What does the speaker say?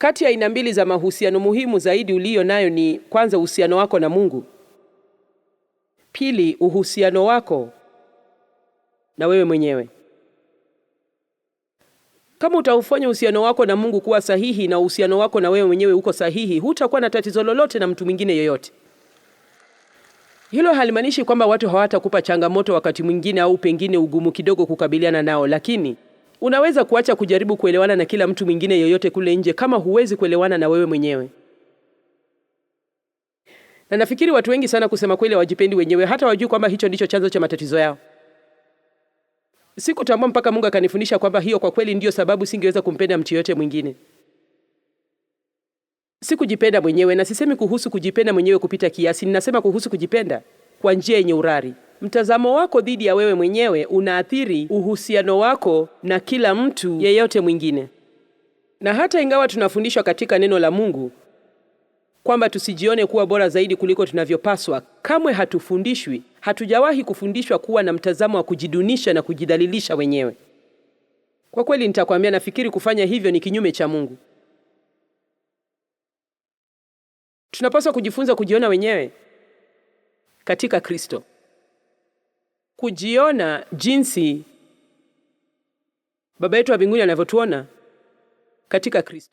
Kati ya aina mbili za mahusiano muhimu zaidi uliyo nayo ni kwanza, uhusiano wako na Mungu; pili, uhusiano wako na wewe mwenyewe. Kama utaufanya uhusiano wako na Mungu kuwa sahihi na uhusiano wako na wewe mwenyewe uko sahihi, hutakuwa na tatizo lolote na mtu mwingine yoyote Hilo halimaanishi kwamba watu hawatakupa changamoto wakati mwingine au pengine ugumu kidogo kukabiliana nao, lakini Unaweza kuacha kujaribu kuelewana na kila mtu mwingine yoyote kule nje kama huwezi kuelewana na wewe mwenyewe. Na nafikiri watu wengi sana, kusema kweli, hawajipendi wenyewe, hata wajui kwamba hicho ndicho chanzo cha matatizo yao. Sikutambua mpaka Mungu akanifundisha kwamba hiyo kwa kweli ndiyo sababu singeweza kumpenda mtu yoyote mwingine. Sikujipenda mwenyewe, na sisemi kuhusu kujipenda mwenyewe kupita kiasi, ninasema kuhusu kujipenda kwa njia yenye urari. Mtazamo wako dhidi ya wewe mwenyewe unaathiri uhusiano wako na kila mtu yeyote mwingine. Na hata ingawa tunafundishwa katika neno la Mungu kwamba tusijione kuwa bora zaidi kuliko tunavyopaswa, kamwe hatufundishwi, hatujawahi kufundishwa kuwa na mtazamo wa kujidunisha na kujidhalilisha wenyewe. Kwa kweli nitakwambia, nafikiri kufanya hivyo ni kinyume cha Mungu. Tunapaswa kujifunza kujiona wenyewe katika Kristo kujiona jinsi Baba yetu wa mbinguni anavyotuona katika Kristo.